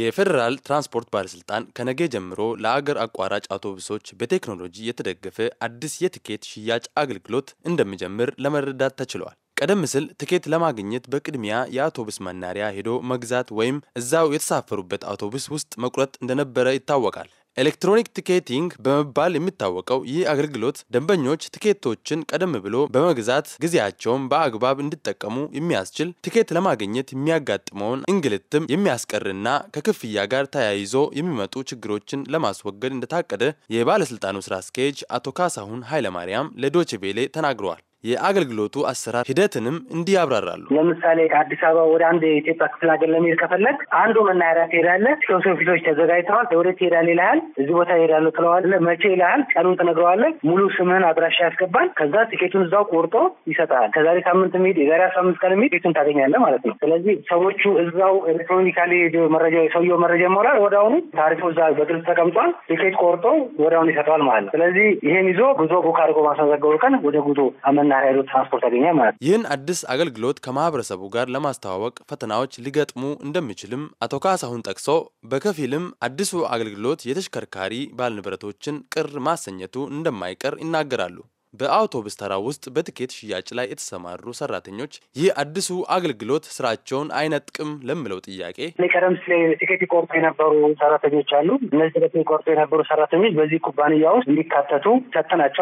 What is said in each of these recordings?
የፌዴራል ትራንስፖርት ባለስልጣን ከነገ ጀምሮ ለአገር አቋራጭ አውቶቡሶች በቴክኖሎጂ የተደገፈ አዲስ የትኬት ሽያጭ አገልግሎት እንደሚጀምር ለመረዳት ተችሏል። ቀደም ሲል ትኬት ለማግኘት በቅድሚያ የአውቶቡስ መናሪያ ሄዶ መግዛት ወይም እዛው የተሳፈሩበት አውቶቡስ ውስጥ መቁረጥ እንደነበረ ይታወቃል። ኤሌክትሮኒክ ቲኬቲንግ በመባል የሚታወቀው ይህ አገልግሎት ደንበኞች ቲኬቶችን ቀደም ብሎ በመግዛት ጊዜያቸውን በአግባብ እንዲጠቀሙ የሚያስችል ቲኬት ለማግኘት የሚያጋጥመውን እንግልትም የሚያስቀርና ከክፍያ ጋር ተያይዞ የሚመጡ ችግሮችን ለማስወገድ እንደታቀደ የባለስልጣኑ ስራ አስኪያጅ አቶ ካሳሁን ኃይለማርያም ለዶችቬሌ ተናግረዋል። የአገልግሎቱ አሰራር ሂደትንም እንዲህ ያብራራሉ። ለምሳሌ ከአዲስ አበባ ወደ አንድ የኢትዮጵያ ክፍል ሀገር ለመሄድ ከፈለግ አንዱ መናኸሪያ ትሄዳለህ። ሶስት ኦፊሶች ተዘጋጅተዋል። ወደ ትሄዳለህ ይልሃል። እዚህ ቦታ እሄዳለሁ ትለዋለህ። መቼ ይልሃል። ቀኑን ትነግረዋለህ። ሙሉ ስምህን አድራሻ ያስገባል። ከዛ ቲኬቱን እዛው ቆርጦ ይሰጣል። ከዛሬ ሳምንት የሚሄድ የዛሬ አስራ አምስት ቀን የሚሄድ ቲኬቱን ታገኛለህ ማለት ነው። ስለዚህ ሰዎቹ እዛው ኤሌክትሮኒካሊ መረጃ የሰውየው መረጃ ይሞላል። ወደ አሁኑ ታሪፉ እዛ በግልጽ ተቀምጧል። ቲኬት ቆርጦ ወደ አሁኑ ይሰጠዋል ማለት ነው። ስለዚህ ይሄን ይዞ ጉዞ ቡክ አድርጎ ማስመዘገቡ ቀን ወደ ጉዞ አመ እና ኃይሉ ትራንስፖርት ያገኘ ማለት ነው። ይህን አዲስ አገልግሎት ከማህበረሰቡ ጋር ለማስተዋወቅ ፈተናዎች ሊገጥሙ እንደሚችልም አቶ ካሳሁን ጠቅሶ በከፊልም አዲሱ አገልግሎት የተሽከርካሪ ባለንብረቶችን ቅር ማሰኘቱ እንደማይቀር ይናገራሉ። በአውቶቡስ ተራ ውስጥ በትኬት ሽያጭ ላይ የተሰማሩ ሰራተኞች ይህ አዲሱ አገልግሎት ስራቸውን አይነጥቅም ለምለው ጥያቄ ቀደም ሲል ትኬት ይቆርጡ የነበሩ ሰራተኞች አሉ። እነዚህ ትኬት ይቆርጡ የነበሩ ሰራተኞች በዚህ ኩባንያ ውስጥ እንዲካተቱ ሰጥተናቸዋል።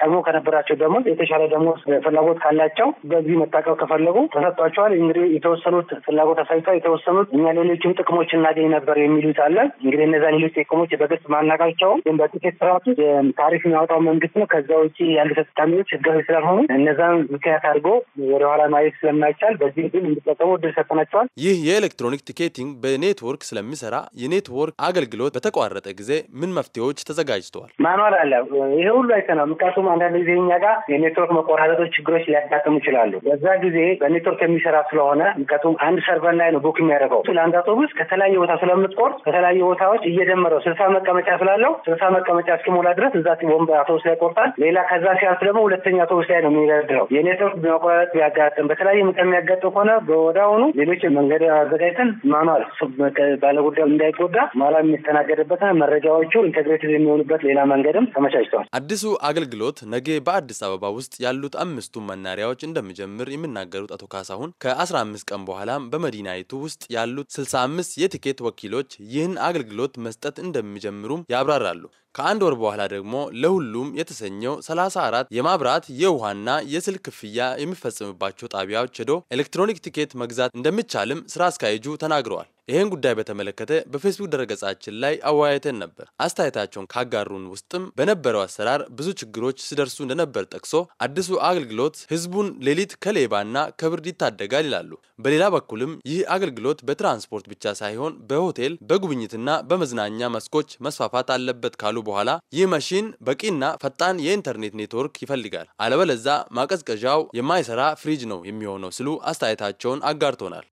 ቀድሞ ከነበራቸው ደግሞ የተሻለ ደግሞ ፍላጎት ካላቸው በዚህ መታቀብ ከፈለጉ ተሰጥቷቸዋል። እንግዲህ የተወሰኑት ፍላጎት አሳይቷ የተወሰኑት እኛ ሌሎችም ጥቅሞች እናገኝ ነበር የሚሉት አለ። እንግዲህ እነዛ ሌሎች ጥቅሞች በግልጽ ማናቃቸውም፣ ግን በትኬት ስርዓቱ ታሪፍ የሚያወጣው መንግስት ነው። ከዛ ውጭ ያለ አንዳንድ ተጠቃሚዎች ህጋዊ ስላልሆኑ እነዛን ምክንያት አድርጎ ወደኋላ ማየት ስለማይቻል በዚህ ግን እንዲጠቀሙ እድል ሰጥተናቸዋል። ይህ የኤሌክትሮኒክ ቲኬቲንግ በኔትወርክ ስለሚሰራ የኔትወርክ አገልግሎት በተቋረጠ ጊዜ ምን መፍትሄዎች ተዘጋጅተዋል? ማኗል አለ። ይሄ ሁሉ አይተናል። ምክንያቱም አንዳንድ ጊዜ እኛ ጋር የኔትወርክ መቆራረጦች፣ ችግሮች ሊያጋጥሙ ይችላሉ። በዛ ጊዜ በኔትወርክ የሚሰራ ስለሆነ ምክንያቱም አንድ ሰርቨር ላይ ነው ቡክ የሚያደርገው ለአንድ አውቶቡስ ከተለያየ ቦታ ስለምትቆርጥ ከተለያዩ ቦታዎች እየደመረው ስልሳ መቀመጫ ስላለው ስልሳ መቀመጫ እስኪሞላ ድረስ እዛ ወንበር አውቶቡስ ላይ ቆርጣል። ሌላ ከዛ ሲያልፍ ደግሞ ሁለተኛ አውቶቡስ ላይ ነው የሚደረድረው። የኔትወርክ መቆራረጥ ቢያጋጥም በተለያየ ምቀ የሚያጋጥም ከሆነ በወዳውኑ ሌሎች መንገድ አዘጋጅተን ማኗል ባለጉዳዩ እንዳይጎዳ ማላ የሚስተናገድበትና መረጃዎቹ ኢንተግሬትድ የሚሆኑበት ሌላ መንገድም ተመቻችተዋል። አዲሱ አገልግሎት ነገ በአዲስ አበባ ውስጥ ያሉት አምስቱ መናሪያዎች እንደሚጀምር የሚናገሩት አቶ ካሳሁን ከአስራ አምስት ቀን በኋላም በመዲናይቱ ውስጥ ያሉት ስልሳ አምስት የቲኬት ወኪሎች ይህን አገልግሎት መስጠት እንደሚጀምሩም ያብራራሉ። ከአንድ ወር በኋላ ደግሞ ለሁሉም የተሰኘው 34 የማብራት የውሃና የስልክ ክፍያ የሚፈጸምባቸው ጣቢያዎች ሄዶ ኤሌክትሮኒክ ቲኬት መግዛት እንደሚቻልም ስራ አስኪያጁ ተናግረዋል። ይህን ጉዳይ በተመለከተ በፌስቡክ ድረገጻችን ላይ አወያየተን ነበር። አስተያየታቸውን ካጋሩን ውስጥም በነበረው አሰራር ብዙ ችግሮች ሲደርሱ እንደነበር ጠቅሶ አዲሱ አገልግሎት ህዝቡን ሌሊት ከሌባና ከብርድ ይታደጋል ይላሉ። በሌላ በኩልም ይህ አገልግሎት በትራንስፖርት ብቻ ሳይሆን በሆቴል በጉብኝትና በመዝናኛ መስኮች መስፋፋት አለበት ካሉ በኋላ ይህ መሽን በቂና ፈጣን የኢንተርኔት ኔትወርክ ይፈልጋል፣ አለበለዛ ማቀዝቀዣው የማይሰራ ፍሪጅ ነው የሚሆነው ሲሉ አስተያየታቸውን አጋርቶናል።